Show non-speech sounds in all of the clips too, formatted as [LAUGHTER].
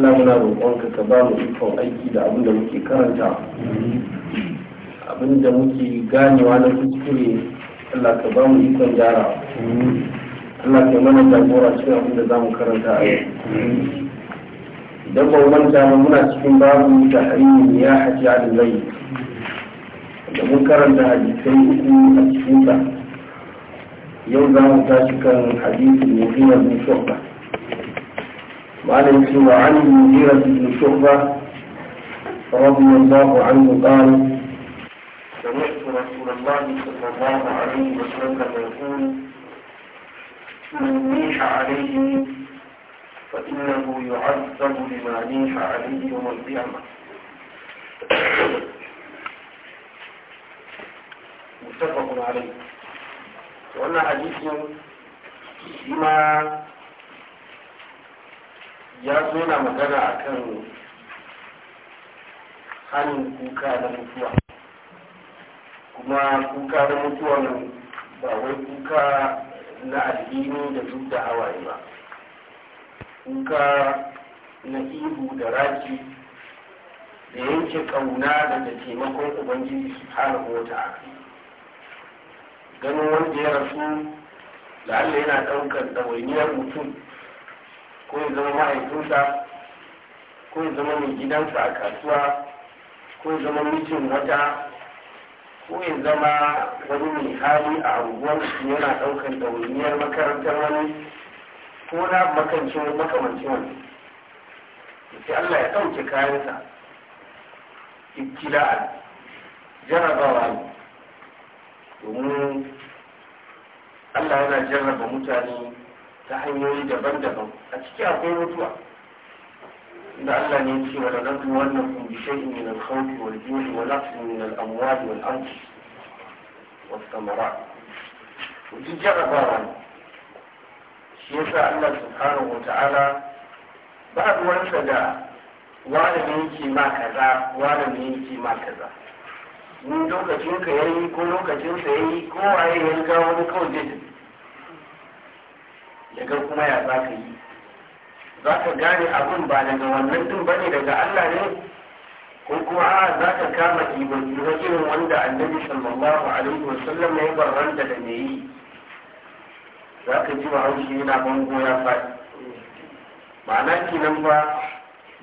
Allah muna roƙonka ka ba mu ikon aiki da abin da muke karanta abin da muke ganewa na kuskure Allah ka ba mu ikon gyara Allah ka mana jagora cikin abin da za mu karanta a yau idan ba manta ba muna cikin babu da ne ya haji alilai da mun karanta hadisai uku a cikin yau za mu tashi kan hadisin ne bin shubba وعن عن المغيرة بن شعبة رضي الله عنه قال سمعت رسول الله صلى الله عليه وسلم يقول من نيح عليه فإنه يعذب لما نيح عليه يوم القيامة متفق عليه وأن حديث بما ya zo na magana a kan hannun kuka na mutuwa kuma kuka na mutuwa ba wai kuka na alhini da duk da hawaye ba kuka na ihu da raki da yanke ƙauna daga taimakon ubangiji su wata mota ganin wanda ya rasu la'alla yana ɗaukar ɗawainiyar mutum ko ya zama ma'aikinsa ko ya zama mai gidansa a kasuwa ko ya zama mijin wata ko ya zama wani mai hali a unguwar yana ɗaukar ɗawainiyar makarantar wani ko na makamancin wani sai Allah ya ɗauke kayansa ibtila jarabawa ne domin Allah yana jarraba mutane ta hanyoyi daban-daban a ciki akwai mutuwa da Allah ne ce wala nadu wannan kun bi shay'in min al-khawfi wal ju'i wa naqsin min al-amwali wal anfus was thamarat to duk jarabawa ne shi yasa Allah subhanahu wa ta'ala ba ruwansa da wani ne yake ma kaza wani ne yake ma kaza in lokacin ka yayi ko lokacin sa yayi ko waye ya ga wani kawai zai daga kuma ya za ka yi za ka gane abin ba daga wannan tun bane daga Allah ne ko kuma a za ka kama ibon irin wanda annabi sallallahu alaihi wasallam ya barranta da me yi za ka ji haushi yana bango ya faɗi ma'ana kenan ba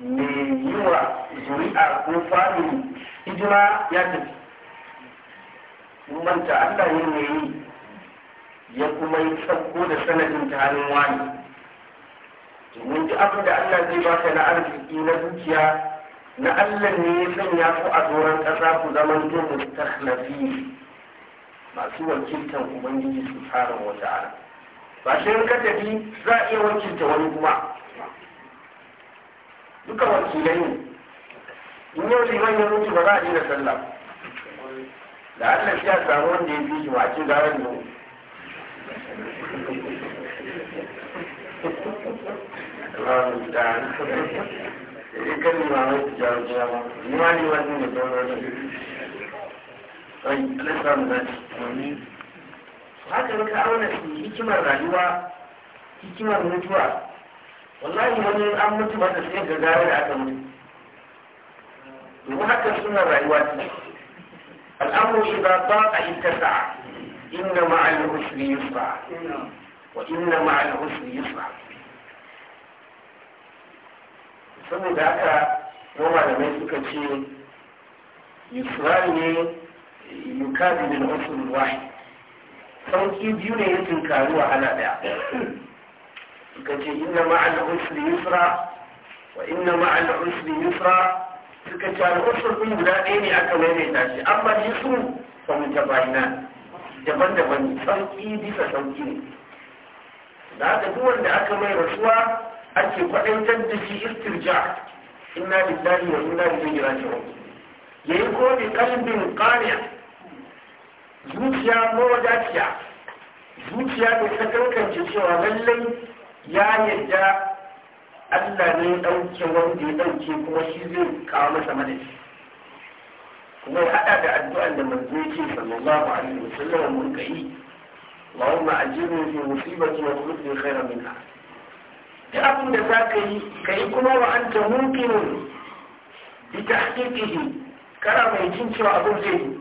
me yi wa zuri'a ko famili hijira ya tafi manta Allah ne me yi ya kuma yi sauko da sanadin ta hannun wani domin duk abin da Allah zai ka na arziki na dukiya na Allah ne ya sanya ku a doron ƙasa ku mu to mustakhlafi masu wakiltan ubangiji su fara wata ala ba shi ka tafi za a iya wakilta wani kuma duka wakilai ne in yau liman ya mutu ba za a daina sallah da Allah shi ya samu wanda ya fi shi wakil garan yau haka muka auna hikimar rayuwa hikimar mutuwa wallahi wani an mutu masa sai ga da aka mutu domin haka suna rayuwa ce al'amuru ba ba a ita sa inna ma'al usri yusra وإن مع العسر يسرا saboda haka yawan malamai suka ce yusrani ne yukazi da usul wahid sauki biyu ne ya tunkari wahala daya suka ce inna ma'al usri yusra wa inna ma'al usri yusra suka ce al'usur ɗin guda ɗaya ne aka maimaita shi amma yusru fa mutabayina daban-daban sauki bisa sauki ne da haka duk wanda aka mai rasuwa ake kwadantar da shi istirja inna lillahi wa inna ilaihi raji'un yayi ko bi qalbin qani'a zuciya mawadaciya zuciya da ta kankance cewa lallai ya yadda Allah ne dauke wanda ya ɗauke kuma shi zai kawo masa madadi kuma ya haɗa da addu'an da manzo yake sallallahu alaihi wasallam mun kai اللهم أجرني في مصيبتي واخلف لي خيرا منها duk abin da za ka yi ka yi kuma wa an ta mumkinin bi ta hakikihi kana mai jin cewa abin zai yi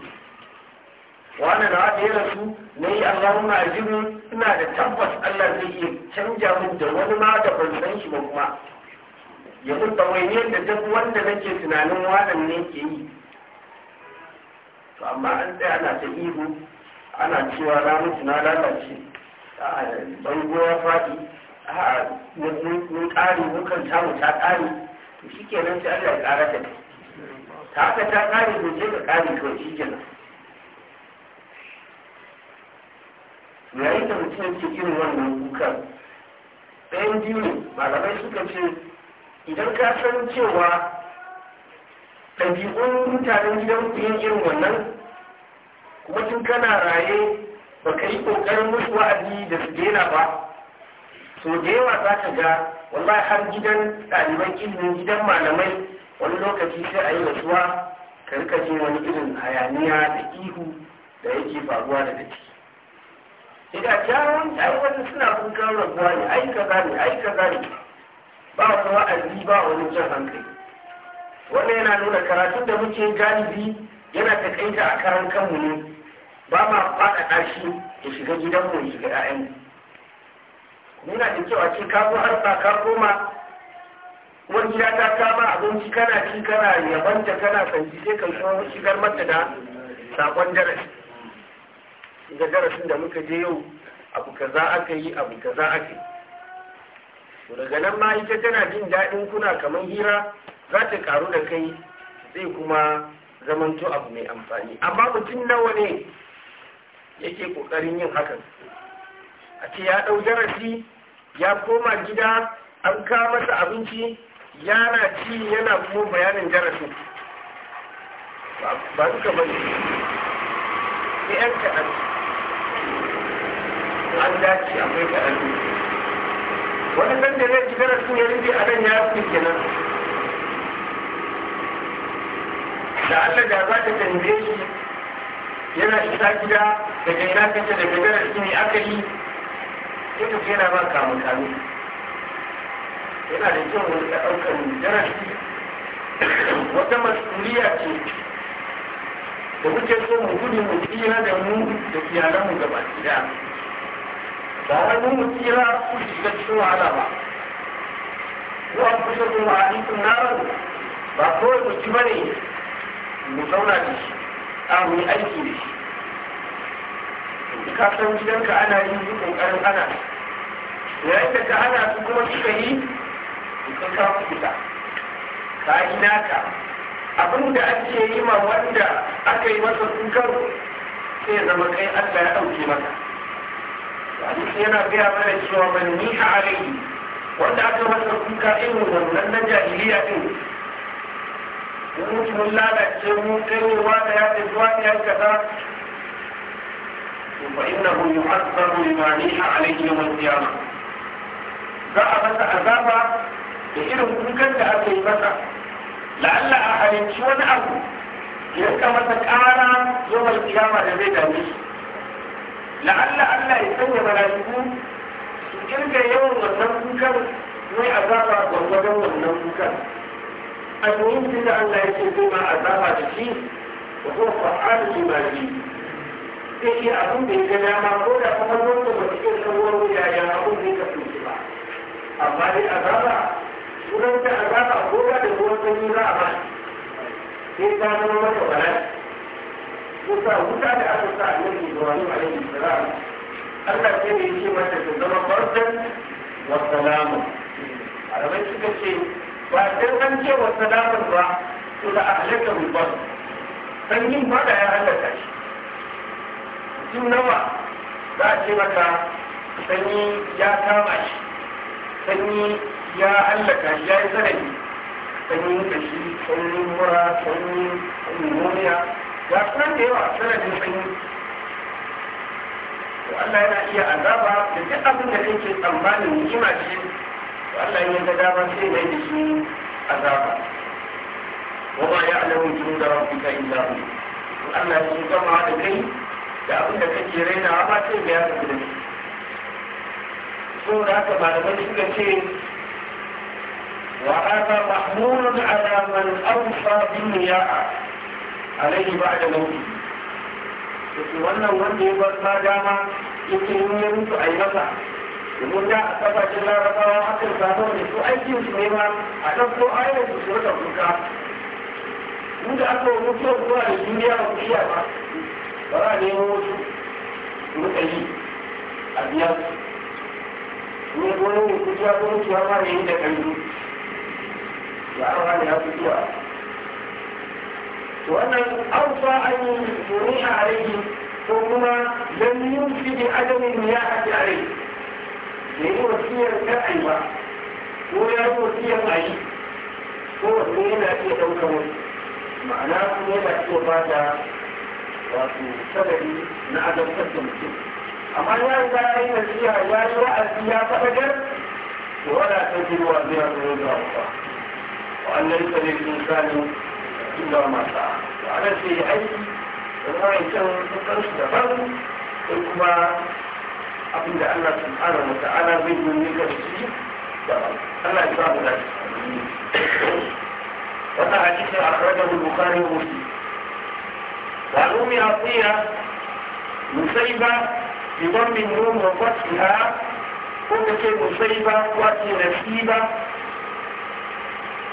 wani da ya rasu na yi allahumma ajibin ina da tabbas allah zai iya canja min da wani ma da ban san shi ba kuma ya mun ɗawainiyar da duk wanda nake tunanin wannan ne ke yi to amma an tsaya na ta ihu ana cewa na mutu na lalace a bango ya faɗi a mun kare mun kan samu ta kare to shi kenan sai Allah ya ƙara ta ta aka ta kare to je ka kare to shi kenan yayin da mutum yake irin wannan kukan ɗayan biyu ne malamai suka ce idan ka san cewa ɗabi'un mutanen gidan ku irin wannan kuma tun kana raye ba ka yi ƙoƙarin musu wa'azi da su daina ba to da yawa za ka ga wallahi har gidan ɗaliban ilimin gidan malamai wani lokaci sai a yi rasuwa ka rika jin wani irin hayaniya da ihu da yake faruwa daga ciki ina kyawun ai wani suna kukan rabuwa ne ai kaza ne ai kaza ne ba wani wa'azi ba wani jan hankali wannan yana nuna karatun da muke galibi yana ta a karan kanmu ne ba ma faɗaɗa ɗashi ya shiga mu ya shiga mu. Muna da kyau ce ka harsa ka koma wani gida ta kama abinci kana ci kana yabanta kana sanci, sai kan so shigar mata da sakon darasi ga darasin da muka je yau abu kaza aka yi abu kaza aka yi daga nan ma ita tana jin daɗin kuna kamar hira za ta karu da kai zai kuma zamanto abu mai amfani amma mutum nawa ne yake kokarin yin hakan a ce ya ɗau darasi ya koma gida an kawo masa abinci yana ci yana kuma bayanin darasin ba duka ba ne ne yan kaɗan an dace akwai kaɗan wani ɗan da zai ci darasin ya rufe a nan ya fi kenan da Allah da za ta tambaye shi yana ta gida da jina kake da gadarar shi ne aka yi ita ce yana ba kamu kamu yana da kyau wani ka ɗaukar darasi wata masuliya ce da muke so mu gudu mu tsira da mu da iyalan mu gaba ɗaya ba wai mu tsira ku shiga cikin wahala ba ko an fi kuma a cikin narar ba kawai mu ci bane mu zauna da shi a mu yi aiki da shi ka san gidanka ana yi su ƙoƙarin ana yayin da ka ana su kuma suka yi ka kusa. fita ka yi naka abin da ake yi ma wanda aka yi masa kukan sai zama kai Allah ya ɗauke maka hadisi yana biya mana cewa man niha alaihi wanda aka masa kuka irin wannan na jahiliya din mutumin lalace mun kai da ya ce zuwa ya kaza فإنه يحذر لما نيح عليه يوم القيامة ذهب تأذاب بإنه ممكن تأتي مسا لعل أحد يشون أبو يركب تكارا يوم القيامة لبيت أبيه لعل ألا يسمي ملايكون تلك يوم النمكر ني أذابا والوجو النمكر أن يمتد أن لا يسمي ما أذابا بشيء وهو فعال لما يجيب Sai iya abin da ya ga dama ko da kuma zonta ba su iya sabuwar yaya abin zai kasance ba amma dai azaba sunan ta zaba ko da da ruwan sanyi za a ba sai ta zama mata bala'i kusa wuta da aka sa annabi Ibrahim alaihi salam Allah sai ya ce mata ta zama bardan wa salamun arabai suka ce ba sai an ce wa salamun ba to da ahlaka bil bar sanyin ba da ya halaka shi su nawa za a ce maka sanyi ya kama shi sanyi ya hallaka shi ya yi tsanani sanyi da shi sanyi mura sanyi pneumonia ya kuma da yawa sanadin sanyi to Allah yana iya azaba da duk abin da kake tsammanin ni'ima ce to Allah ya ga dama sai mai da shi azaba wa ma ya'lamu junuda rabbika illa hu Allah ya gama da kai da abin da kake raina ba sai mai yasa da shi so da haka malamai suka ce wa ana mahmulun ala man awfa bin niya'a alaihi ba'da mawti yake wannan wanda ya bar ma dama yake yin ya mutu a yi masa domin da a kasashen larabawa hakan samu da su aikin su ne ma a ɗauko ayar su su rika kuka mu da aka wani kyau zuwa da duniya ba ku iya ba bara ne mu nemo wasu rika yi a biya su ne gonin ne ku ciya gonin ciya ma ne yi da ƙarfi ya an hana ya fi zuwa to wannan an fa an yi tuni a alaihi ko kuma yi yumsi bi adamin ya a rai. da yi wa kar a yi ba ko ya yi wasiyar a yi ko wasu yana iya ɗaukar ma'ana kuma yana iya ba da wato sadari na azabtar da mutum amma ya riga ya yi nasiha ya yi wa'azi ya faɗagar to wala ta ji ruwa zai zo ga ba wa annal sabil insani illa ma sa'a to ana ce aiki da ma'aikatan sun su daban sai kuma abinda Allah subhanahu wa ta'ala zai yi ne ga shi daban Allah ya ba mu dace wannan hadisi akhrajahu al-bukhari wa muslim والأم عطية مصيبة بضم النوم وفتحها قلت مصيبة وأتي نسيبة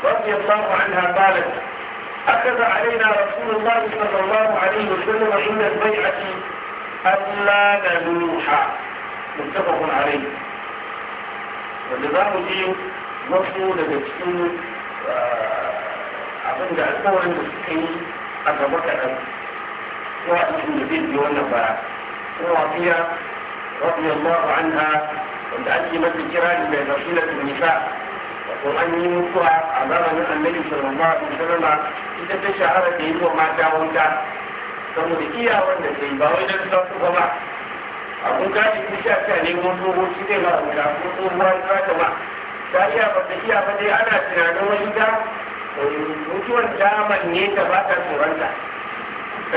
رضي الله عنها قالت أخذ علينا رسول الله صلى الله عليه وسلم عند البيعة ألا نلوح متفق عليه والنظام دي نصر لتكسين عبد da alkawarin da suka yi ko hadisin da zai je wannan bara ko wafiya radiyallahu anha wanda ake masa kira da mai fasilatul nisa wato an yi mutuwa a zamanin annabi sallallahu alaihi wasallam ita ta shahara da yi wa mata wanka saboda iyawan da ta yi ba wai dan ta ba abun gadi ku sha ta ne ko dogo shi ko ba dai ana tunanin wani da mutuwan daman ne ta ba ta tsoronta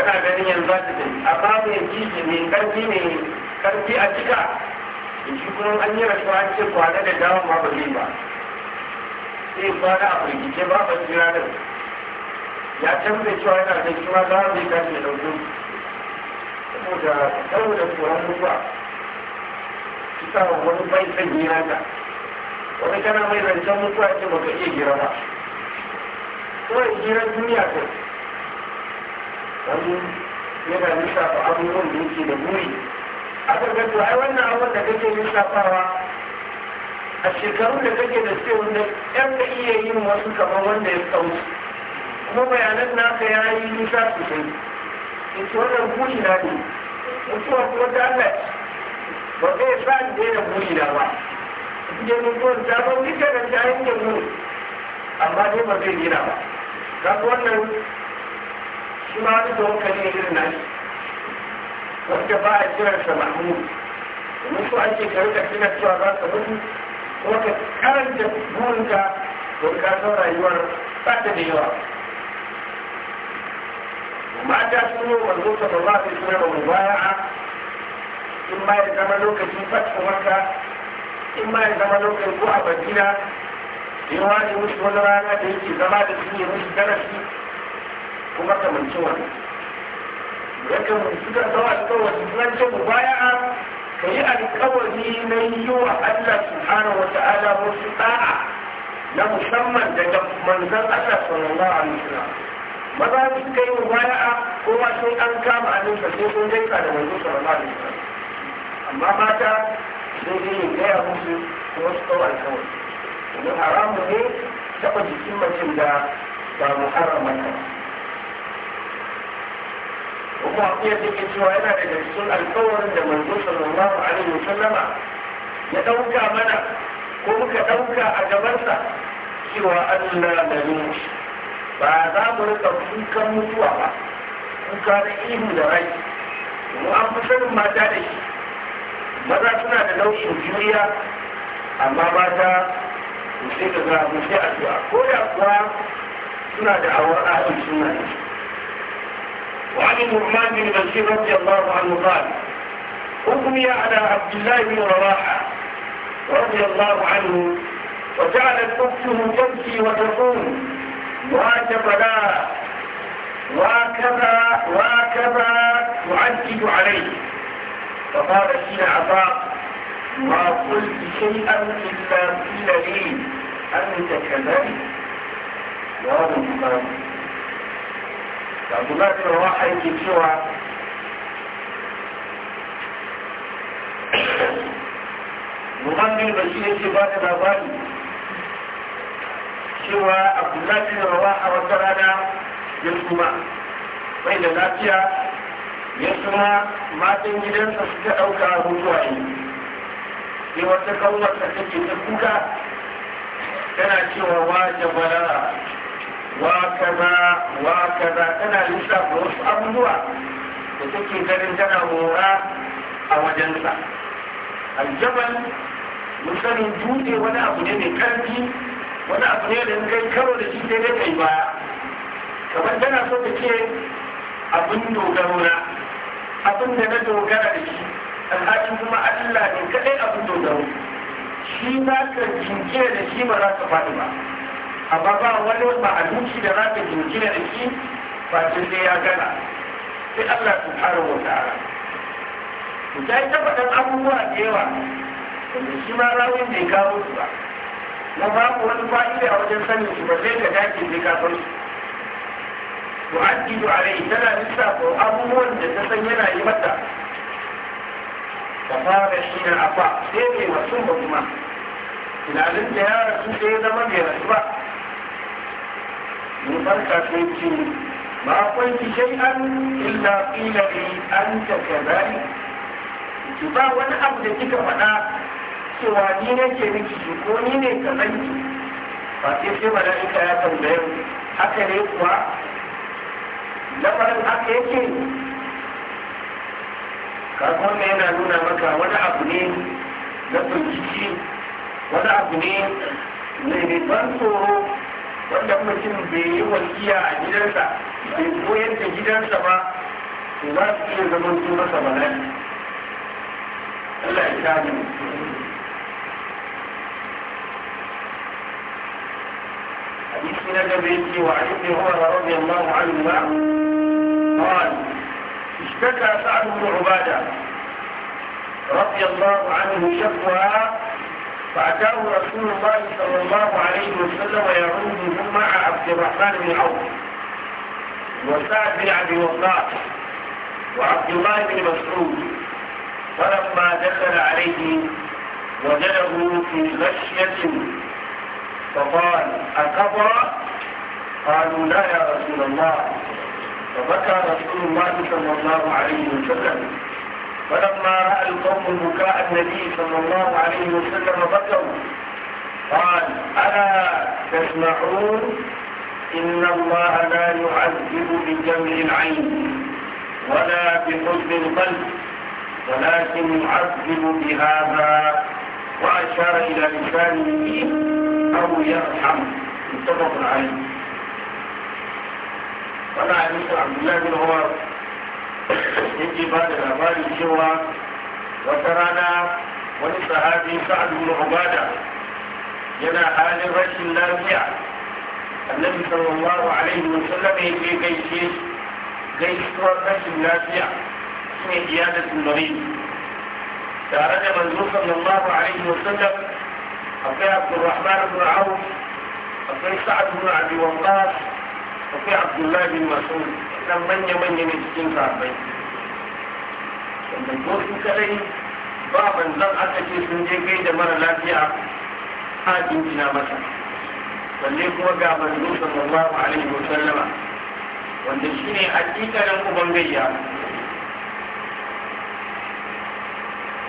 kana ganin yanzu za ta a babu ya kiki mai karfi ne, karfi a cika shi kuma an yi an ce kwana da dawon babu ba zai ba sai kwana a firgice ba ba jira da ya canza cewa yana da shi ma za a zai kashi da dauko saboda saboda tsoron mutuwa kisa wani bai san yi ta. wani kana mai zancen mutuwa ce ka iya gira ba kawai giran duniya kai wani yana lissafa abubuwan da yake da buri a kan to ai wannan abun da kake lissafawa a shekarun da kake da sai wanda ɗan da iya yin wasu kamar wanda ya kauce kuma bayanan naka ya yi nisa sosai in ci wannan buri na ne mutuwa kuma ta Allah ba zai sa ni daina buri na ba je mutuwar ta ba wuce da ta yanke mu amma dai ba zai gina ba ga wannan shi ma wani zuwan kare irin nan wanda ba a kiransa mahmud domin so ake ka rika tuna cewa za ka mutu kuma ka karanta burinka don ka san rayuwar ba ta da yawa mata sun yi wanzu ta ba za su suna da mubaya'a in ma ya zama lokacin fata maka in ma ya zama lokacin ko a madina yawa ne musu wani rana da yake zama da su ne musu darasi kuma kamanci wani yakan suka zawa alkawari nan ce mu baya ka yi alkawari na yi wa Allah subhanahu wa ta'ala wasu da'a na musamman daga manzan Allah sallallahu alaihi wasallam maza su suka yi a kowa sai an kama hannunsa sai sun gaisa da manzo sallallahu alaihi wasallam amma mata sai dai yin gaya musu kuma su kawai kawai, domin haramu ne taɓa jikin mutum da ba mu harama ba kuma akwai ke cewa yana da cikin alkawarin da manzo sallallahu alaihi wa sallama ya ɗauka mana ko muka ɗauka a gabansa cewa Allah da nushi ba za mu rika kukan mutuwa ba kuka da ihu da rai mu an fi sanin mata da shi maza suna da nau'in juriya amma mata ta sai da za mu addu'a ko da kuwa suna da awar ahlus sunna وعن النعمان بن بشير رضي الله عنه قال أغمي على عبد الله بن رواحة رضي الله عنه وجعلت أخته تبكي وتقول وهكذا وهكذا وهكذا تعدد عليه فقال حين عطاء ما قلت شيئا إلا قيل لي أنت كذلك وهذا البخاري abdullahi bin wa aiki cewa muhammadin da shi ce ba da labari cewa abdullahi da rawa a wata rana ya suma bai da lafiya ya suma matan gidansa suka ɗauka hutuwa ne sai wata kanwarsa take ta kuka tana cewa wa jabalara Wakaza وكذا وكذا تنا لسا بوس أبوه وتكي غير تنا ورا A جنسا الجبل misalin dutse wani abu ne mai karfi wani abu ne da in kai karo da shi sai dai kai baya kamar tana so ta ce abin dogaro na abin da na dogara da shi alhalin kuma Allah ne kaɗai abin dogaro shi na ka jinke da shi ba za ka faɗi ba amma ba wani ba a duki da zaka duki da riki ba tun da ya gana sai Allah su fara wata ara Ku ta yi tabbatar abubuwa da yawa wanda shi ma rawin bai kawo su ba na ba ku wani fa'ida a wajen sanin shi ba sai ka dace sai ka san su tu'addidu alaihi tana lissafa abubuwan da ta san yana yi mata ta fara shi na afa sai mai wasu ba kuma tunanin da ya rasu sai ya zama mai rasu ba مفرقة an illa شيئا إلا an ta أنت ki ba wani abu da kika faɗa cewa ni ne ke miki ko ni ne ka zanki ba sai sai mala'ika ya tambaye haka ne kuwa lamarin haka yake ne yana nuna maka wani abu ne na firgici wani abu ne mai ban tsoro wanda mutum bai yi wasiya a gidansa bai koyar da gidansa ba to za su iya zama su masa bala'i Allah ya kare حديث نجبه وعن ابن عمر رضي الله عنهما قال اشتكى سعد بن عباده رضي الله عنه شكوى فأتاه رسول الله صلى الله عليه وسلم يعودهم مع عبد الرحمن بن عوف وسعد بن عبد الوهاب وعبد الله بن مسعود فلما دخل عليه وجده في غشية فقال أكبر قالوا لا يا رسول الله فبكى رسول الله صلى الله عليه وسلم فلما رأى القوم بكاء النبي صلى الله عليه وسلم بكوا قال ألا تسمعون إن الله لا يعذب بجمع العين ولا بحزن القلب ولكن يعذب بهذا وأشار إلى لسانه أو يرحم متفق عليه ولا حديث عبد الله بن عمر yake ba da labari cewa wata rana wani sahabi sa'ad bin ubada yana halin rashin lafiya annabi sallallahu alaihi wa sallam yake gaishe gaisuwar rashin lafiya shine iyadatul marid tare da manzo sallallahu alaihi wa sallam akwai abdurrahman bin auf akwai sa'ad bin abi waqqas akwai abdullah bin mas'ud nan manya-manya ne cikin sahabbai wanda ko su kadai ba zan aka ce sun je gai da mara lafiya a jinjina masa balle kuma ga manzo sallallahu alaihi wa sallama wanda shi hakikanin uban gayya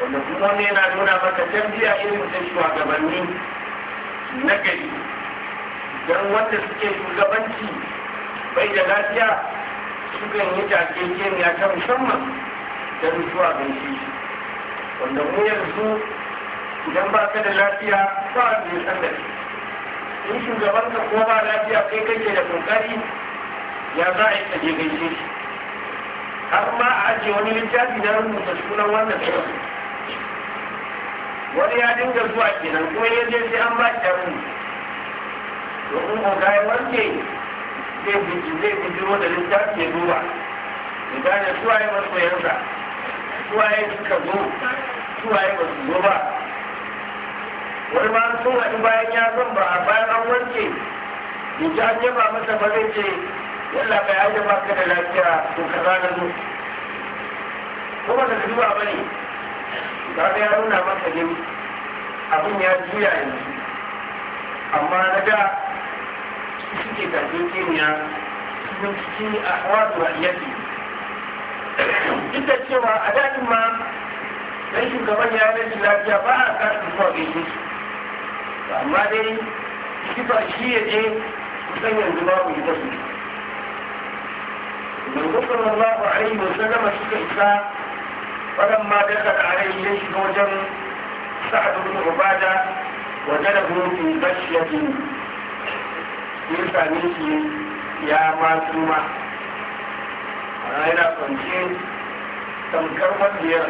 wanda kuma ne yana nuna maka biya irin ta shugabanni na gari don wanda suke shugabanci bai da lafiya sukan yi takekeniya ta musamman da a gaishe shi wanda mu yanzu idan ba ka da lafiya ba a zai san da in shugaban ka ko ba lafiya kai kake da kokari ya za a yi ka je gaishe shi har ma a ajiye wani littafi na rubuta sunan wannan shirin wani ya dinga zuwa kenan kuma ya je sai an ba shi da rubuta domin ko ga wanke zai bujiro da littafi ke duba ya gane suwaye masoyansa suwaye suka zo suwaye ba su zo ba wani ma sun haɗu bayan ya zan ba bayan an wanke yanzu an yaba masa ba zai ce yalla ka yaje yaba ka da lafiya to ka zana zo kuma da zuwa ba ne ba da ya nuna masa ne abin ya juya yanzu amma na da suke karfin kimiyya cikin cikin ahwatu ra'iyati duk da cewa a daɗin ma dan shugaban ya rashin lafiya ba a karfin kuwa gaishe su amma dai ba shi ya je kusan yanzu babu ita su Manzo sallallahu alaihi wa sallam suka isa falamma dakala da ya shiga wajen sa'ad ibn ubada wajadahu fi ghashyatin ya same shi ya ma suma. ana yana kwanci tamkar wanda ya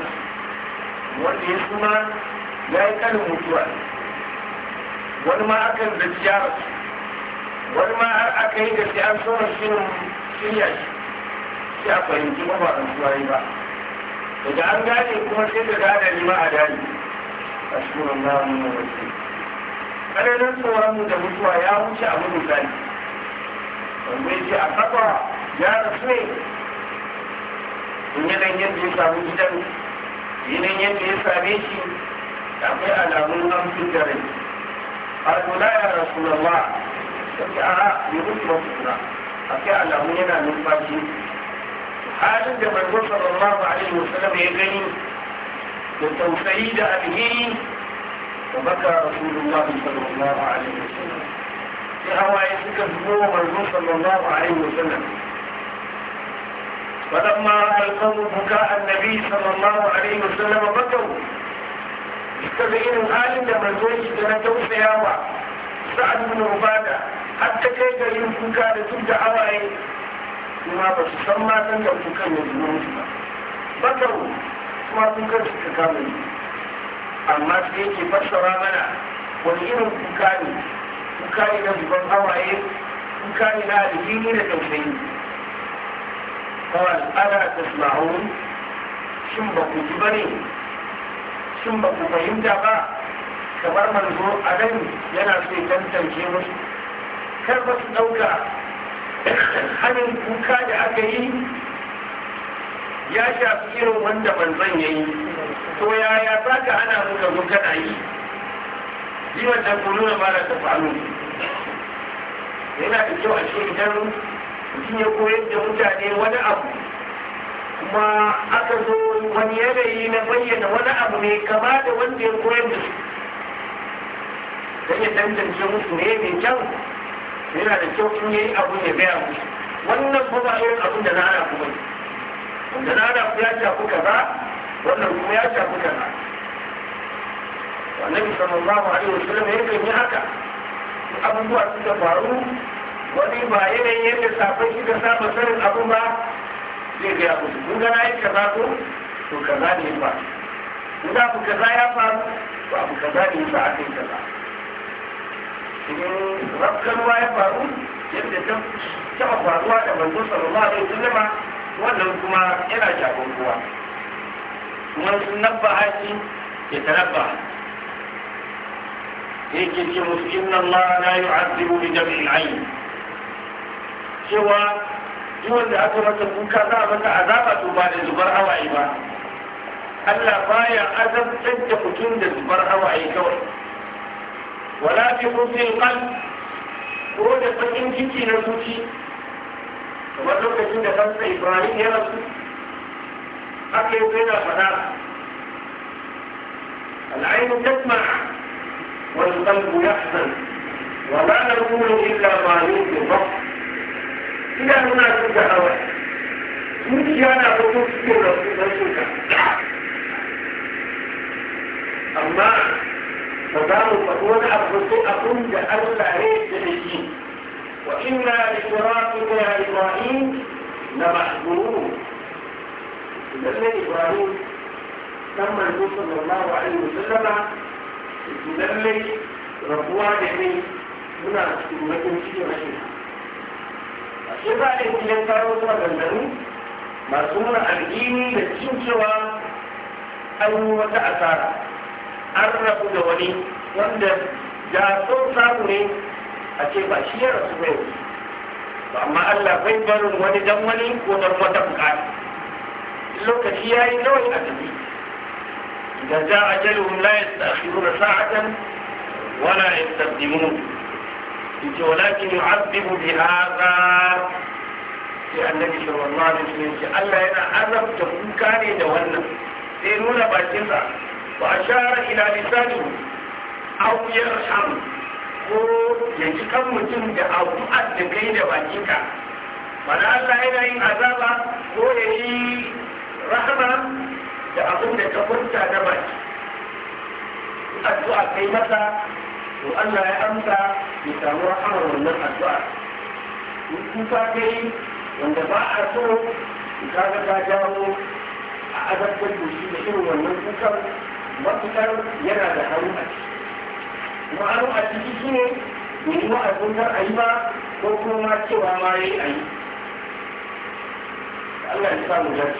wanda ya suma ya yi kanin mutuwa wani ma akan zaci ya wani ma aka yi gaske an so shirin shirya shi shi a fahimci ba ba rantsuwa yi ba daga an gane kuma sai da gane ni ma a dani a shirin namun na wasu tsananin tsoron da mutuwa ya wuce a mutu gani wanda ya ce a kafa ya rasu ne yi nan yadda ya samu gidan yanayin yadda ya same shi da akwai alamun nan fi gare rai ya rasu da ma sai a bai mutu wasu kuna kai alamun yana numfashi halin da ba a alaihi wasallam ya gani da tausayi da alheri فبكى رسول الله صلى الله عليه وسلم في هواي سكت هو صلى الله عليه وسلم فلما رأى القوم بكاء النبي صلى الله عليه وسلم بكوا استبعدوا حال لما زوجي توفي سياوة سعد بن عبادة حتى كيف أن تبدأ هواي ما بس سمى تنتوا بكاء النبي بكوا ما بكوا سكت amma sai yake fassara mana wani irin kuka ne kuka ne na zuban hawaye kuka ne na alhini da tausayi kawai ana tasma'un shin ba ku ji ba ne shin ba ku fahimta ba kamar manzo a nan yana so ya tantance musu kar ba su ɗauka hannun kuka da aka yi ya shafi irin wanda manzon ya yi to yaya za ka hana mu ka zo kana yi yi wannan kuluna ma da ta faru yana da kyau a ce idan mutum ya koyar da mutane wani abu kuma aka zo wani yanayi na bayyana wani abu ne kama da wanda ya koyar da su don ya tantance musu ne mai kyau yana da kyau in yayi abu ya gaya musu wannan kuma irin abin da na ana kuma wanda na ana ya shafi kaza wannan kuma ya shafi kaza annabi sallallahu alaihi wasallam ya kan yi haka abubuwa suka faru wani ba yanayin yadda safai suka saba sanin abu ba zai gaya musu kun gana yi kaza ko to kaza ne ba kun ga abu kaza ya faru to abu kaza ne ba a kai kaza cikin rafkarwa ya faru yadda ta taɓa faruwa da manzo sallallahu alaihi wasallam wannan kuma yana shafin kowa من نبه شيء يتنبه ce musu Allah cewa duk aka masa kuka za a masa azaba to ba da zubar hawaye ba Allah baya azabtar da mutum da zubar hawaye kawai wala fi khufin qalb ko da bakin ciki na zuci kamar lokacin da kansa Ibrahim ya rasu haka yanzu yana العين تسمع والقلب يحزن ولا نقول إلا ما يرضي إلى هنا تلك أول كنت أنا بطوف كل رسولك أما فقالوا فقول أبطئ أكون جأل عليك الدين وإنا لصراطك يا إبراهيم لمحزونون lallai ibrahim dan manzo sallallahu alaihi wasallama lallai rabuwa da ni muna cikin bakin cikin rashin a shi ba da gidan taro dandanu masu nuna aljini da cin cewa an yi wata asara an rabu da wani wanda da son samu ne a ce ba shi ya rasu amma Allah bai barin wani dan wani ko dan wata bukata lokaci ya yi kawai a tafi da za a jaluhun la yastakhiruna sa'atan wala yastaqdimun yace walakin yu'adhibu bi hadha sai annabi sallallahu alaihi wasallam ce Allah yana azabta kuka ne da wannan sai nuna bakinsa ba a shara ila lisanihi aw yarham ko ya ji kan mutum da abu da kai da bakinka mana Allah yana yin azaba ko ya yi rahama da abin da ka furta na baki addu'a kai mata to Allah ya amsa ya samu rahamar wannan addu'a in kuka kai wanda ba a so ka ga ta jawo a azabtar da shi da irin wannan kukan matukar yana da haru a ciki kuma hannu a ciki shi ne bai yi a kar a yi ba ko kuma cewa ma yi a yi Allah ya samu dace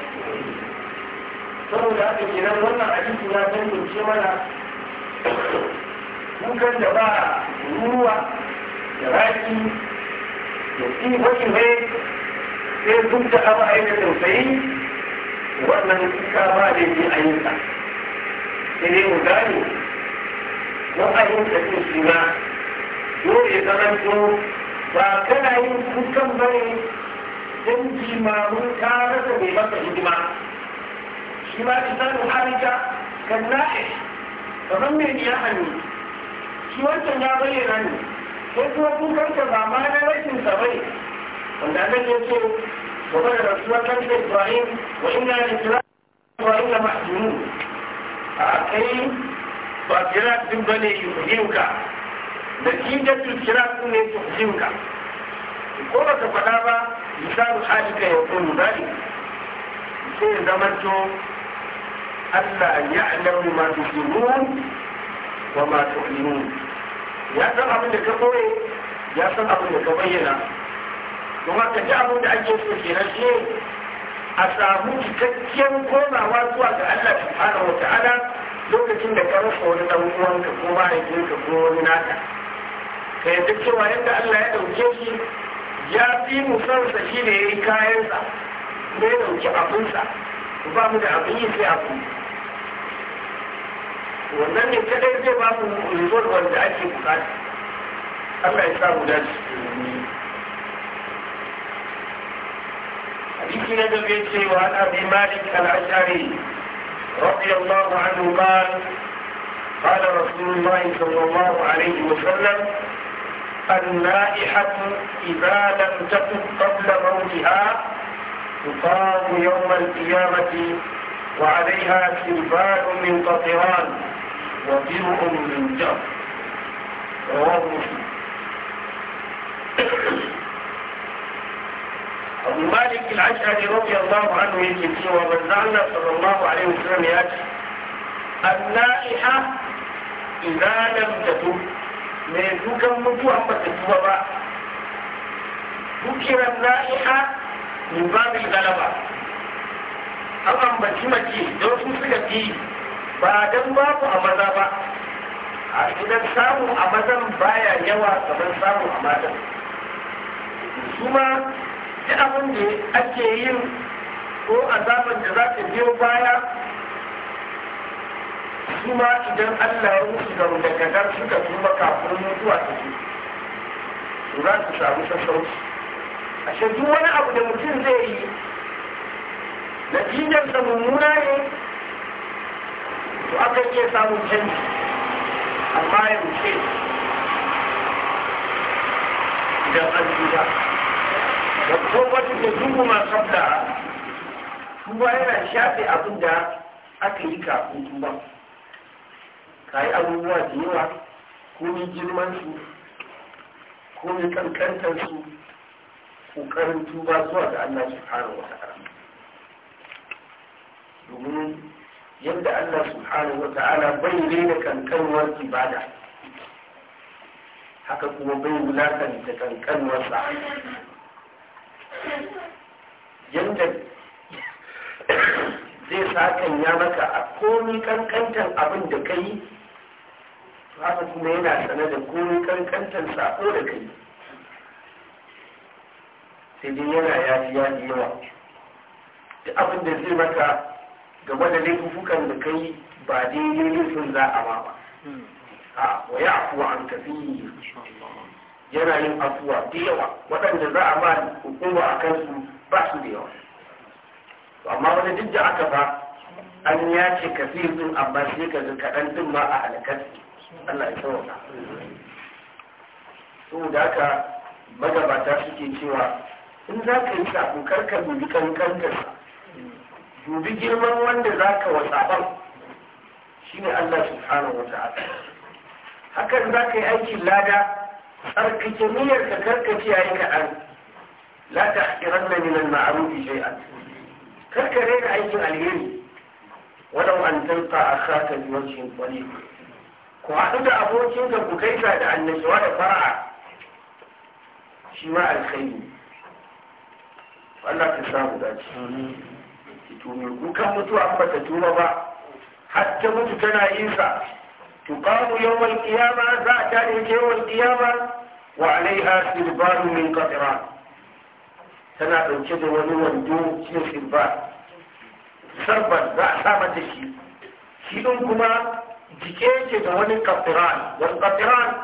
saboda haka kenan wannan hadisi ya tantance mana kukan [COUGHS] da ba ruwa da raki da tsibe-tsibe sai duk da aba a da tausayi wannan kuka ba da yi a yin sa sai dai mu gane don a yin sa cin shi ma dole ya zama ba kana yin kukan ba ne sun jimamu ka rasa mai maka hidima shi ma lisanin harika kan na'i kamar mai niya hannu shi wancan ya bayyana ne sai kuma kun kanka ba ma na rashin sa bai wanda aka ce ce gaba da rasuwar kan Ibrahim wa inna lillahi wa inna mahzunun a kai ba kira din bane yuhiyuka da kijatul kira ne yuhiyuka ko baka faɗa ba misalu alika ya kunu zali sai ya to Allah ya alamu ma tusimun wa ma tu'linun ya san abin da ka koye ya san abin da ka bayyana don haka ji abin da ake so nan shi a samu cikakken komawa zuwa ga Allah subhanahu wa ta'ala lokacin da ka rasa wani dan uwanka ko ka ko wani naka ka yadda cewa yadda Allah ya dauke shi ya fi mu sansa shi ne ya yi kayansa ya dauki abinsa ba mu da abin yi sai abu wannan ne kadai zai ba mu rizon wanda ake bukata Allah ya samu dace hadisi na gaba ce wa ana bi malik al-ashari radiyallahu anhu qala قال رسول الله صلى الله النائحة إذا لم تكن قبل موتها تقام يوم القيامة وعليها كرباء من قطران وبرء من جر رواه مسلم أبو مالك العشعري رضي الله عنه يجي ومن صلى الله عليه وسلم يأتي النائحة إذا لم تتب mai dukan mutuwan ba ta tuba ba dukira na'i'a ba mu galaba an ambaci mace don su suka fi ba don babu a maza ba a idan samu a mazan baya yawa kamar samu a matan ma duk abin da ake yin ko azaban da za ta biyo baya kuma idan Allah ya musu da gadar suka tuba kafin mutuwa ta ce to za su samu sassauci A duk wani abu da mutum zai yi da mummuna ne to aka iya samun canji amma ya rufe idan an duba da wata da dubu masu sabda tuba yana shafe abin da aka yi kafin tuba ka yi abubuwa da yawa ko komi girmansu komi kankantarsu ƙoƙarin tuba zuwa ga Allah subhanahu wa ta'ala domin yadda Allah subhanahu wa ta'ala bai rena kankanwar ibada haka kuma bai kankanwar sa yadda zai sa kan ya maka a komi kankantar abin da ka yi haka kuma yana sane da komai kankantar sako da kai sai dai yana yafi yafi yawa duk abin da zai maka game da laifukan da kai ba daidai laifin za a ba ba a waya afuwa an tafi yana yin afuwa da yawa waɗanda za a ma hukuma a kansu ba su da yawa amma wani duk da aka ba an yace kafin din amma sai ka ga kaɗan din ma a halakar Allah ya tsawata saboda haka magabata suke cewa in za ka yi sabo karka dubi kankan da dubi girman wanda za ka wa sabon shine Allah subhanahu wa ta'ala hakan za ka yi aikin lada tsarkake niyyar ka karkace yayin ka an la tahqiranna min al-ma'ruf shay'an karkare da aikin alheri walau an tanqa akhaka bi wajhin qalil ku haɗu da abokinka ku kai da annashuwa da fara'a shi ma alkhairi Allah ka samu dace tuni Ku kan mutu an ta tuba ba har ta mutu tana isa qamu yawmal qiyama za ta ne yawmal qiyama wa alaiha sirban min qatra tana dauke da wani wando shi sirbar sarban za a sa mata shi shi kuma jike yake da wani kafiran wani kafiran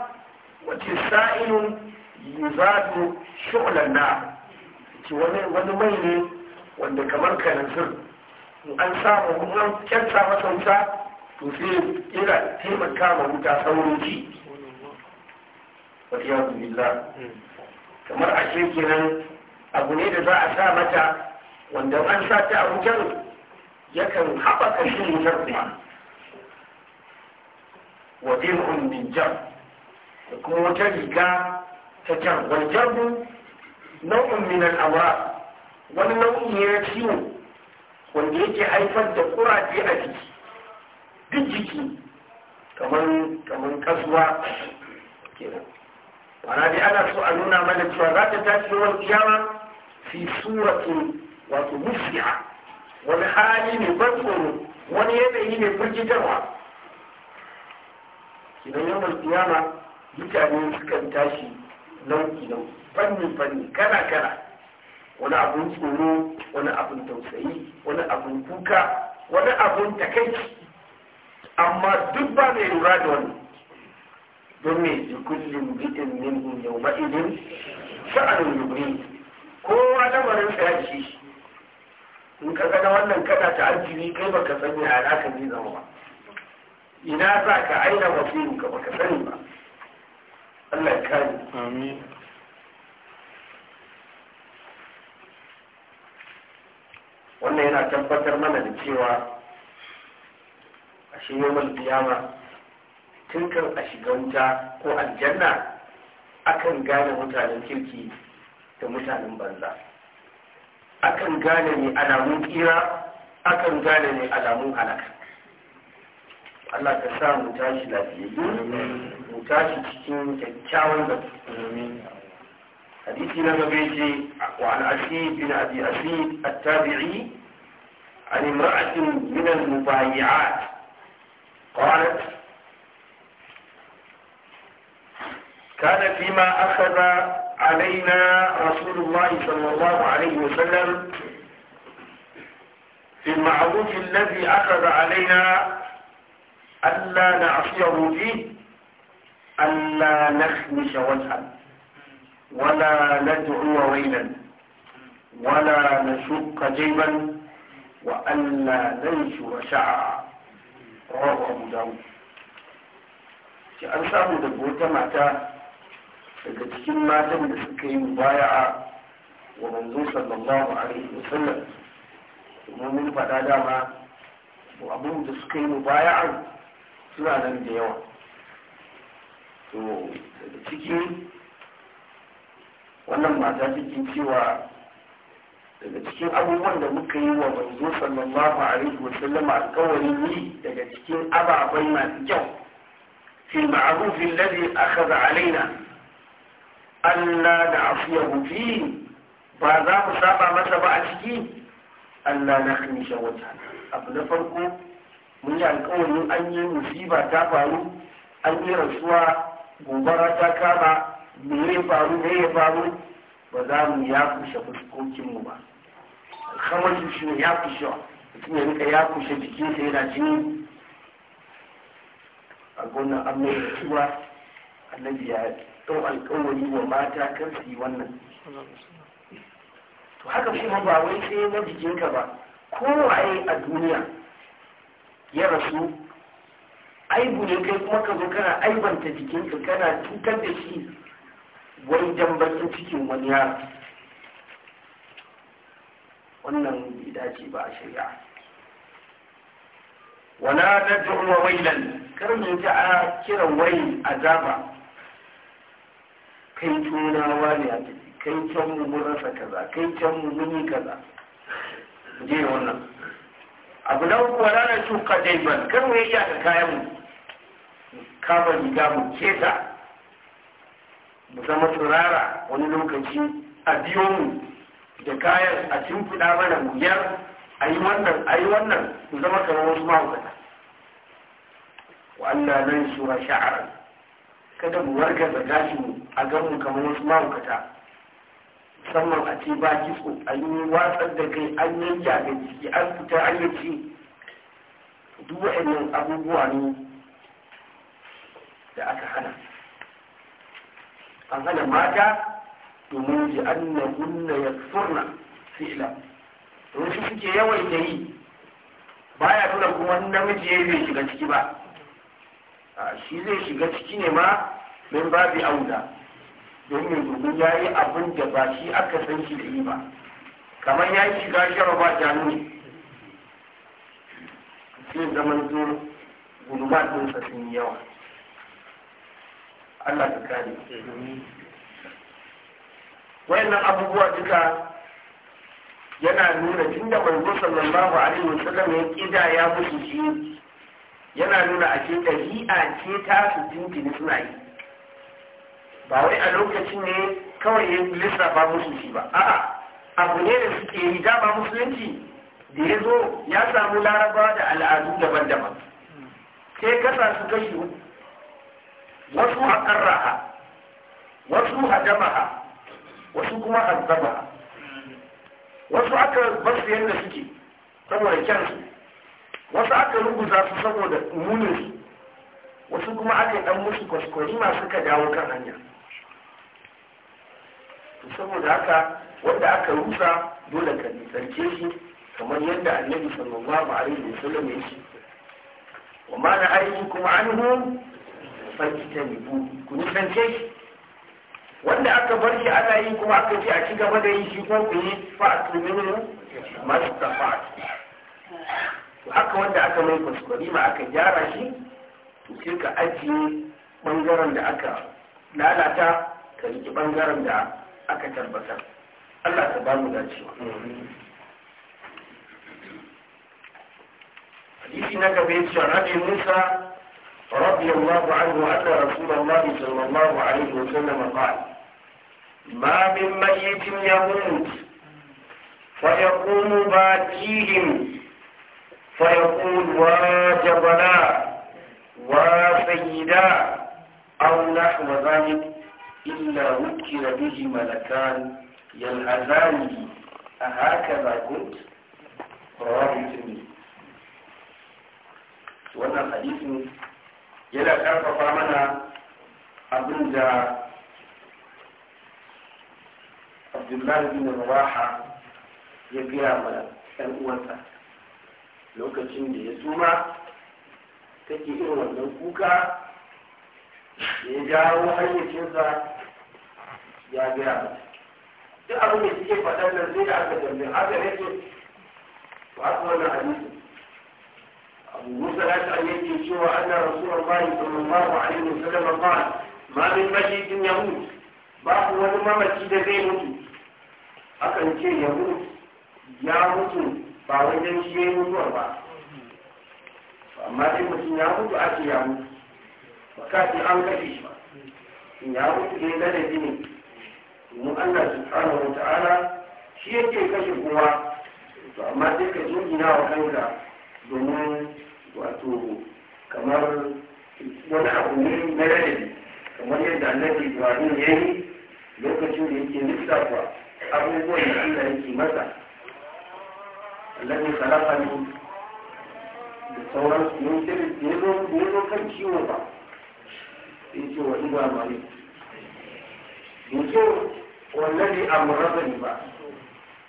wace sa'inun yuzadu shu'lan na ci wani mai ne wanda kamar kananzir an samu kuma kyanta masa wuta to sai yana taimaka ma wuta saurin ji wata yawon billah kamar a kenan abu ne da za a sa mata wanda an sa ta a wutar yakan haɓaka shi wutar kuma وبرهم من جرب كموتلك تجرب والجرب نوع من الأمراض والنوع يرسيون والجيك حيثاً تقرى في أجيك بجيك كمان كمان كسوة وانا دي أنا سؤالنا من الفرغات تاتي والقيامة في سورة وتمسعة والحالي مبطل ونيبه مبجدوها idan yawan kiyama mutane sukan tashi nauki nauki fanni fanni kana kana wani abin tsoro wani abin tausayi wani abin kuka wani abin takaici amma duk ba mai lura da wani don mai ji kullum bitin min yau ma'idin sa'adun yubri kowa lamarin sa tsayashi in ka gana wannan kana ta arziki kai baka sanya a ka ne zama ba ina za ka aina wasu ka baka sani ba Allah ya kare amin wannan yana tabbatar mana da cewa a shi yawon biyama tun kan a shiga wuta ko aljanna akan gane mutanen kirki da mutanen banza akan gane ne alamun kira akan gane ne alamun halakar Allah ka sa mu tashi lafiyayyu mu tashi cikin kyakkyawan da hadisi na gaba yace wa an asib bin abi asib at-tabi'i an imra'atin min al-mubayi'at qalat كان فيما أخذ علينا رسول الله صلى الله عليه وسلم في المعروف الذي أخذ علينا ألا نعصيه فيه ألا نخمس وجها ولا ندعو ويلا ولا نشق جيبا وألا ننشر شعرا رواه أبو داود في أنصاب دبوت متى التي مات من سكي مبايعة ومنذور صلى الله عليه وسلم ومن فتادها وأبو تسكي مبايعة suna nan da yawa to daga cikin wannan mata cikin cewa daga cikin abubuwan da muka yi wa manzo sallallahu alaihi wa sallam alƙawarin yi daga cikin ababai masu kyau fi ma'rufin ladhi akhadha alaina Allah da afiyahu fi ba za mu saba masa ba a ciki Allah na kamisha wata abu na farko mun yi alkawarin an yi musiba ta faru an yi rasuwa gobara ta kama me ya faru ne ya faru ba za mu ya kushe fuskokinmu ba alhamar shi ne ya kushe mutum ya rika ya kushe sai yana jini a gona amma ya annabi ya ɗau alkawari wa mata kan su yi wannan to haka kuma ba wai sai na jikinka ba kowaye a duniya ya rasu aibu ne kai kuma ka zo kana aibanta jikinka kana cutar da shi wai dan cikin wani yaro wannan bai dace ba a shirya wala nad'u wa wailan kar mu ji a kiran wai azaba kai tuna wani a kai can mu rasa kaza kai can mu muni kaza je wannan abu na uku wala na shuka ban kan mu yi da kayan mu kama riga mu keta mu zama turara wani lokaci a biyo mu da kayan a cimfuda mana mu yar a yi wannan a yi wannan mu zama kamar wasu mahaukata wa Allah nan shura sha'ar kada mu wargaza gashin a gan mu kamar wasu mahaukata musamman a ce ba kitso an watsar da kai an yanka da jiki an fita an yi ci duk waɗannan abubuwa ne da aka hana an hana mata domin ji an na gunna ya furna fi'ila domin shi suke yawan da yi ba ya tura kuma namiji ya bai shiga ciki ba shi zai shiga ciki ne ma min ba bi auda domin ya ya yi abin da ba shi aka san shi da yi ba kamar ya yi shiga shara ba jami'i sai zaman zo guduma ɗinsa sun yi yawa Allah ka kare wayannan abubuwa duka yana nuna tun da manzo sallallahu alaihi wasallam ya kida ya musu shi yana nuna a ce ɗabi'a ce ta su tuntuni suna yi ba wai a lokacin ne kawai ya lissafa musu shi ba a'a abu ne da suke yi dama musulunci da ya zo ya samu laraba da al'adu daban-daban sai kasa su kashi wasu haƙarraha wasu hadamaha wasu kuma hazzaba wasu aka basu yadda suke saboda kyansu wasu aka ruguza su saboda muninsu wasu kuma aka yi ɗan musu kwaskwari masu ka dawo kan hanya saboda haka wanda aka rusa dole ka nisance shi kamar yadda annabi sallallahu alaihi sallam ya ce wa ma na aiki kuma an hu fajtanibu ku nisance shi wanda aka bar shi ana yi kuma aka ce a ci gaba da yi shi ko ku yi fa'atu masu mastafa'at to haka wanda aka mai kuskure ma aka gyara shi to sai ka ajiye bangaren da aka lalata ka riƙe bangaren da aka tabbatar Allah ta ba mu dacewa hadisi na gaba yace Musa رضي الله عنه أن رسول الله صلى الله عليه وسلم قال ما من ميت يموت فيقوم باكيهم فيقول واجبنا وسيدا أو نحو ذلك إلا وكر به ملكان يلعذان لي أهكذا كنت رواه الترمذي وانا حديث يلا كيف فرمنا أبن جاء عبد الله بن رواحة يبيع إيه ولا الأوثة لو كتن دي يسوما تكي إرون من فوكا يجاو حيث ya gira ba duk abin da suke faɗan nan sai da aka tambaye haka ne ce ba ku wannan hadisi abu musa ya ta yake cewa a rasulullahi sallallahu alaihi wasallam ba ma min majidin yahud ku wani mamaci da zai mutu akan ce yahud ya mutu ba wajen shi ya yi mutuwar ba amma dai mutum ya mutu ake ya mutu ba kafin an kashe shi ba ya mutu ne na da jini domin Allah subhanahu wa ta'ala shi yake kashe kowa to amma sai ka na wa kanka domin wato kamar wani abu ne na ladabi kamar yadda annabi Ibrahim ya yi lokacin da yake kuwa abubuwan da Allah yake masa Allah khalaqa min da sauran su yin shirin da ya zo kan ciwo ba sai ce wa iba ne da a amradani ba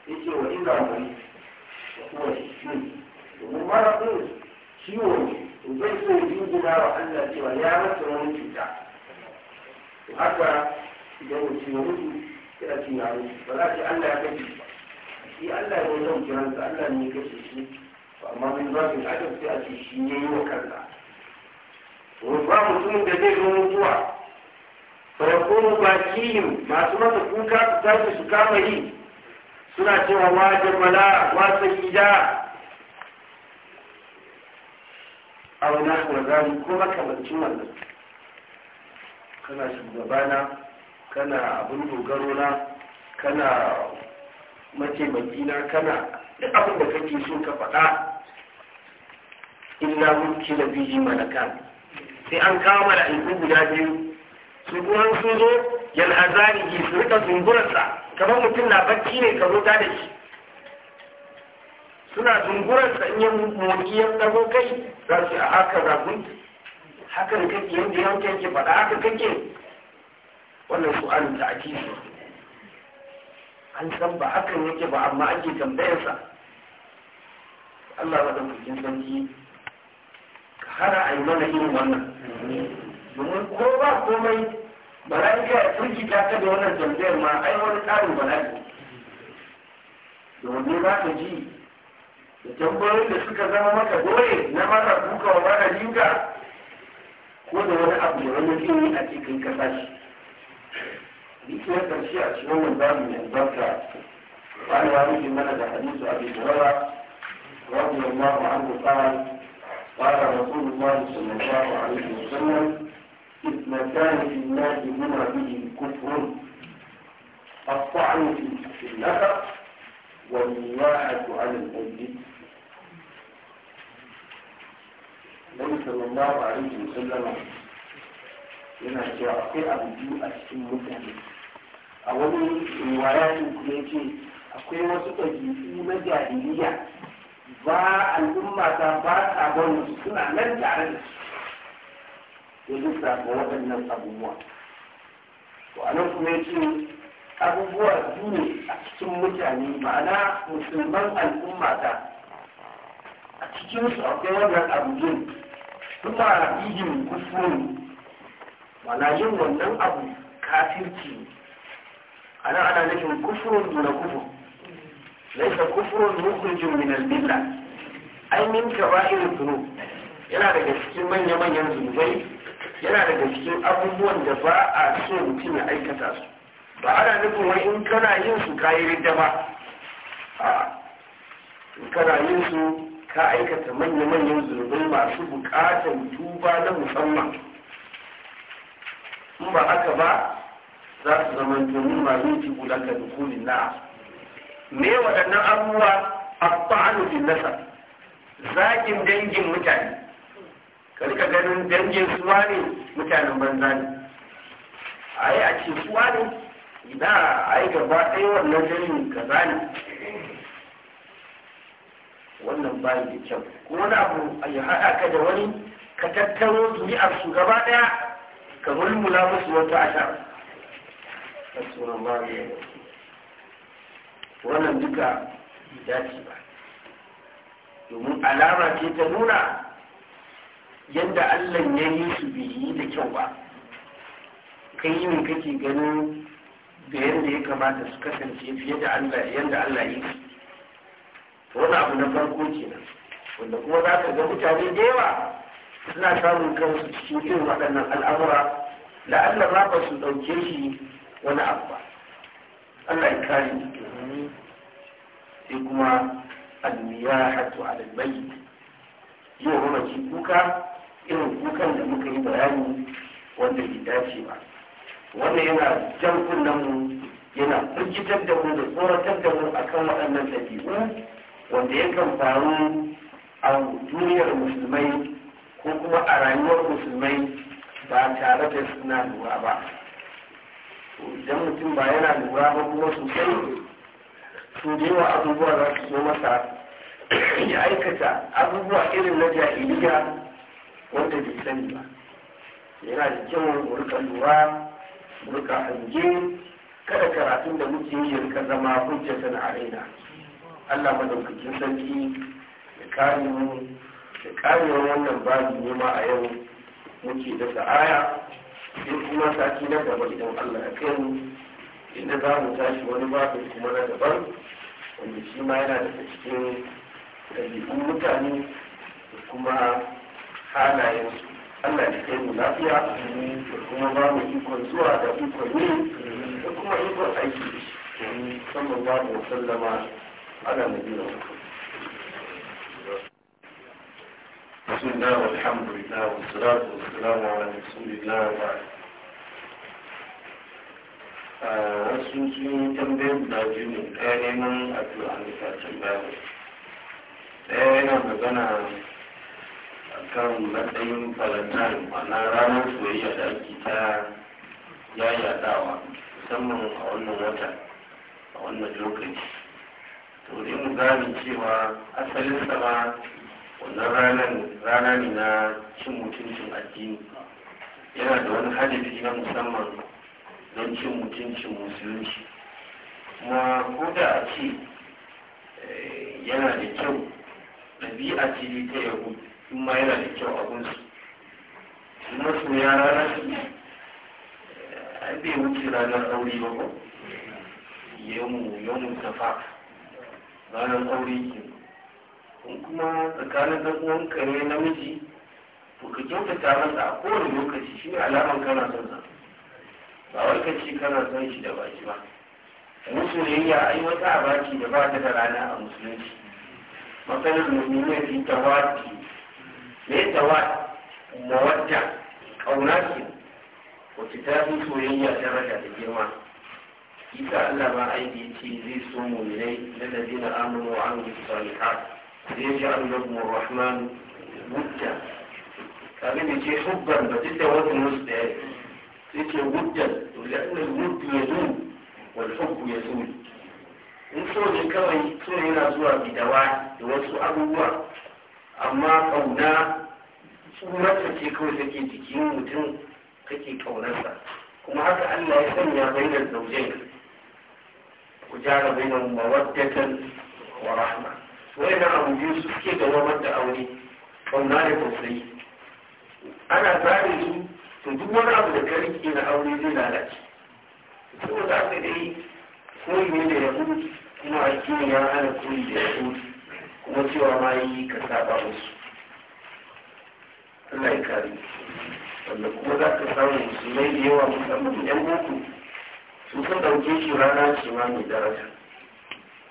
yake wa inda wani kuwa shi domin mara ɗin ciwo ne to zai so jingina wa Allah cewa ya masa wani cuta to haka idan mutum ya mutu kira cin yaro ba za ce Allah ya kashe ba shi Allah ya wajen kiransa Allah ya kashe shi amma mun ba su adam sai a ce shi ne yi wa kansa to ba mutumin da zai zo mutuwa farko bakihim masu masa kuka su tashi su kama yi suna cewa wa jamala wa sayida A wani akwai zani ko makamancin wannan kana shugabana kana abin dogaro na kana mataimaki na kana duk abin da kake so ka faɗa illa mulki da biji malaka sai an kawo mala'iku guda biyu su ruwan sun zo yal azarihi su rika zungurarsa kamar mutum na bacci ne ka zo da shi suna zungurarsa in yi moki ya dago kai za su a haka zagun hakan kake yadda yanke yake faɗa haka kake wannan an ta ake su an san ba hakan yake ba amma ake tambayarsa Allah madaukakin sarki ka hana a yi mana irin wannan domin ko ba komai mala'ika ya turki ta ka da wannan tambayar ma ai wani tsarin bala'i domin ba ka ji da tambayoyin da suka zama maka dole na mara duka wa mara jinka ko da wani abu da wani kini a cikin kasa shi dukiyar karshe a cikin wannan babu mai albarka قال وعليه من هذا حديث أبي هريرة رضي الله عنه قال قال رسول الله صلى الله عليه وسلم فتنتان في الناس هما به كفر الطعن في النفق والنياحة على الأيدي النبي صلى الله عليه وسلم yana cewa akwai abu biyu a cikin mutane a wani riwayatin kuma ce akwai wasu ɗabi'u na jahiliya ba al'umma ta ba ta suna nan tare da su ya ga waɗannan abubuwa to a nan kuma ya ce abubuwa biyu ne a cikin mutane ma'ana musulman al'umma ta a cikin su akwai wannan abu kuma yin kufurin mana yin wannan abu kafirci nan ana nufin kufurin duna kufur laisa kufurin mukhrijin min al-billah ai min kaba'ir dhunub yana daga cikin manya-manyan zunubai yana daga cikin abubuwan da ba a so mutum ya aikata su ba ana nufin wai in kana yin su ka yi ridda ba a in kana yin su ka aikata manya-manyan zunubai masu bukatan tuba na musamman in ba haka ba za su zama domin masu ji kula ka dukulin na me waɗannan abubuwa a ba'anu nasa zagin dangin mutane karka ganin dangin suwa ne mutanen banza ne a yi a ce suwa ne da a yi gaba ɗaya wannan dangin za ne wannan ba da kyau ko wani abu yi haɗa ka da wani ka tattaro zuri'ar su gaba ɗaya ka mulmula musu wata a ne wannan duka dace ba domin alama ce ta nuna yadda Allah ya yi su bai da kyau ba kai yin kake ganin da yadda ya kamata su kasance fiye da Allah yadda Allah ya yi wani abu na farko kenan wanda kuma za ka ga mutane da yawa suna samun kansu cikin irin waɗannan al'amura da Allah za ba su ɗauke shi wani abu ba Allah ya kare ni sai kuma al-miyahatu al yau mamaki kuka irin kukan da muka yi bayani wanda bai dace ba wanda yana jan kunnen mu yana firgitar da mu da tsoratar da mu akan waɗannan ɗabi'u wanda yakan faru a duniyar musulmai ko kuma a rayuwar musulmai ba tare da suna lura ba idan mutum ba yana lura ba kuma sosai su da yawa abubuwa za su zo masa ya aikata abubuwa irin na jahiliya wanda bai sani ba yana da kyau mu rika lura mu rika hange kada karatun da muke yi ka zama a arena Allah madaukakin sarki da kare mu da karewar wannan babu ne ma a yau muke da sa'aya sai kuma sati na gaba idan Allah ya kai mu inda za mu tashi wani babu kuma na daban wanda shi ma yana da cikin ɗabi'un mutane da kuma halayen Allah da kai mu lafiya da kuma ba mu ikon zuwa da ikon yi da kuma ikon aiki sallallahu alaihi wasallama ala nabiyina بسم الله والحمد لله والصلاة والسلام على رسول الله وبعد wasu sun yi tambayar da jini ɗaya neman addu'a da ta tambaya ɗaya yana magana kan matsayin valentine ma'ana ranar soyayya da ake ta yayatawa musamman a wannan wata a wannan lokaci to dai mu gane cewa asalin sama wannan ranar rana ne na cin mutuncin addini yana da wani hadafi na musamman don cin mutuncin musulunci kuma ko da a ce eh, yana da kyau ɗabi'a ce ta yahudu su ma yana da kyau abun su ya rana su eh, an bai wuce ranar aure ba ko yamu yamu fa ranar aure ke Kun kuma tsakanin dan uwanka namiji to ka ta masa a kowane lokaci shi ne alaman kana son sa ba wai ka ce kana son shi da baki ba musulunci ai wata baki da ba ta da rana a musulunci matsalar musulmi ne fi tawati me tawa mawadda kauna ke wacce ta yi soyayya daraja da girma isa Allah ba aiki ya ce zai so muminai na ladina amanu wa an gudu salihat zai ji an lagu rahman wudda kamin da ce hubban ba duk da wata musu da yare sai ce wuddan la'anar wuddu ya zo wani hubbu ya zo in so ne kawai so yana zuwa bidawa da wasu abubuwa amma kauna tsurarsa ce kawai take jikin mutum kake kaunarsa kuma haka Allah ya sanya bainar zaujen ku jara bainar mawaddatan wa rahma wayannan abu biyu su da dawamar da aure kauna da tausayi ana zaɓe su to duk wani abu da ka rike na aure zai lalace saboda haka dai koyi ne da yahudu kuma addini ya hana koyi da yahudu kuma cewa ma yi ka saba musu Allah ya kare wanda kuma za ka samu musulmai da yawa musamman yan boko sun sun dauke shi rana ce ma mai daraja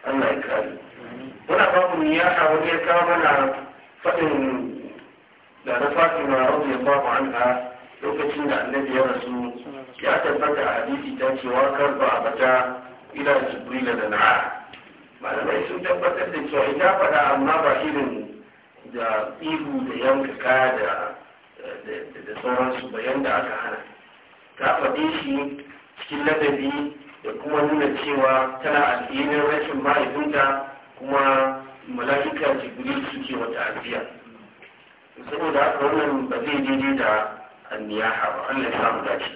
Allah ya kare muna babu ni ya sa wajen ya kawo mana faɗin da na fatima an ka lokacin da annabi ya rasu ya tabbata a hadisi ta cewa kar ba a bata ila jibrila da na'a malamai sun tabbatar da cewa ita faɗa amma ba irin da ihu da yanka kaya da sauransu ba yanda aka hana ta faɗe shi cikin ladabi da kuma nuna cewa tana alhinin rashin mahaifinta kuma mala'ika jibril suke wata aziya saboda haka wannan ba zai daidai da anniyaha ba Allah ya samu dace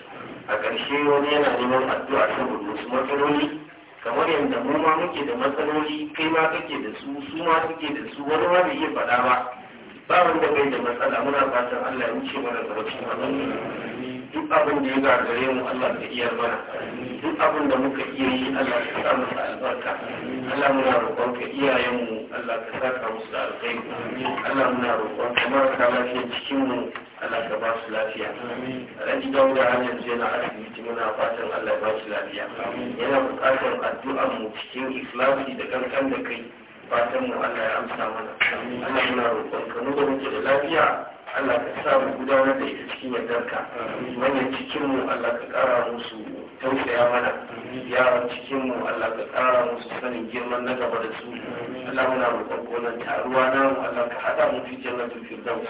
a ƙarshe wani yana neman addu'a saboda wasu matsaloli kamar yadda mu ma muke da matsaloli kai ma kake da su su ma suke da su wani ma bai iya faɗa ba ba wanda bai da matsala muna fatan Allah ya wuce mana da wasu duk abin da ya gagare mu Allah ka iya mana duk abin da muka iya yi Allah ka sa masa albarka Allah muna roƙon ka iyayen mu Allah ka saka musu da alkhairi Allah muna roƙon ka marasa lafiyar cikin mu Allah ka ba su lafiya alhaji dauda har yanzu yana asibiti muna fatan Allah ya ba shi lafiya yana buƙatar addu'ar mu cikin ikhlasi da kankan da kai fatan mu Allah ya amsa mana Allah muna roƙon ka mu da muke da lafiya Allah ka sa mu gudanar da ita cikin yardarka Wannan cikin mu Allah ka kara musu tausaya mana yi ziyarar cikin mu Allah ka kara musu sanin girman na gaba da su Allah muna roƙon gonan taruwa na mu Allah ka hada mu fi jannatul firdaus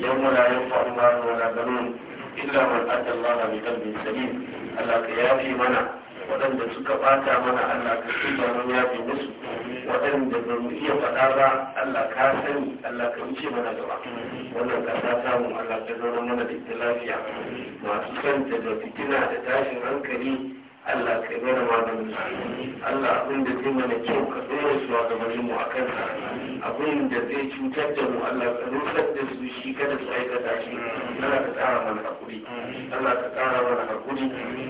yau muna yin fa'uma wala banun illa man ata Allah bi qalbin salim Allah ka yafi mana waɗanda suka bata mana Allah ka tuba mun yafi musu waɗanda ba mu iya faɗa ba Allah ka sani Allah ka wuce mana gaba wannan ƙasa samu Allah ka zama mana da ita lafiya masu kanta da fitina da tashin hankali Allah ka gana maganin Allah abin da zai mana kyau ka tsere su a gabanin mu a kansa abin da zai cutar da mu Allah ka rusar da su shi kada su aikata shi Allah ka tsara mana hakuri Allah ka tsara mana hakuri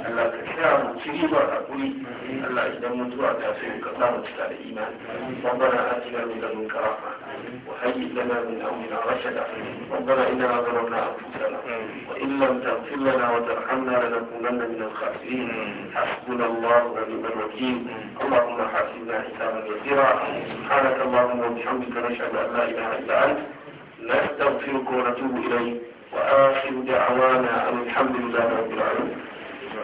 Allah ka sa mu ci riba hakuri Allah idan mutuwa ta sai ka sa mu cika da imani ربنا آتنا da mun رحمة وهيئ لنا من أمرنا رشدا ربنا إنا ظلمنا أنفسنا وإن لم تغفر لنا وترحمنا لنكونن من الخاسرين حسبنا الله ونعم الوكيل اللهم حاسبنا حسابا يسيرا سبحانك اللهم وبحمدك نشهد أن لا إله إلا أنت نستغفرك ونتوب إليك وآخر دعوانا أن الحمد لله رب العالمين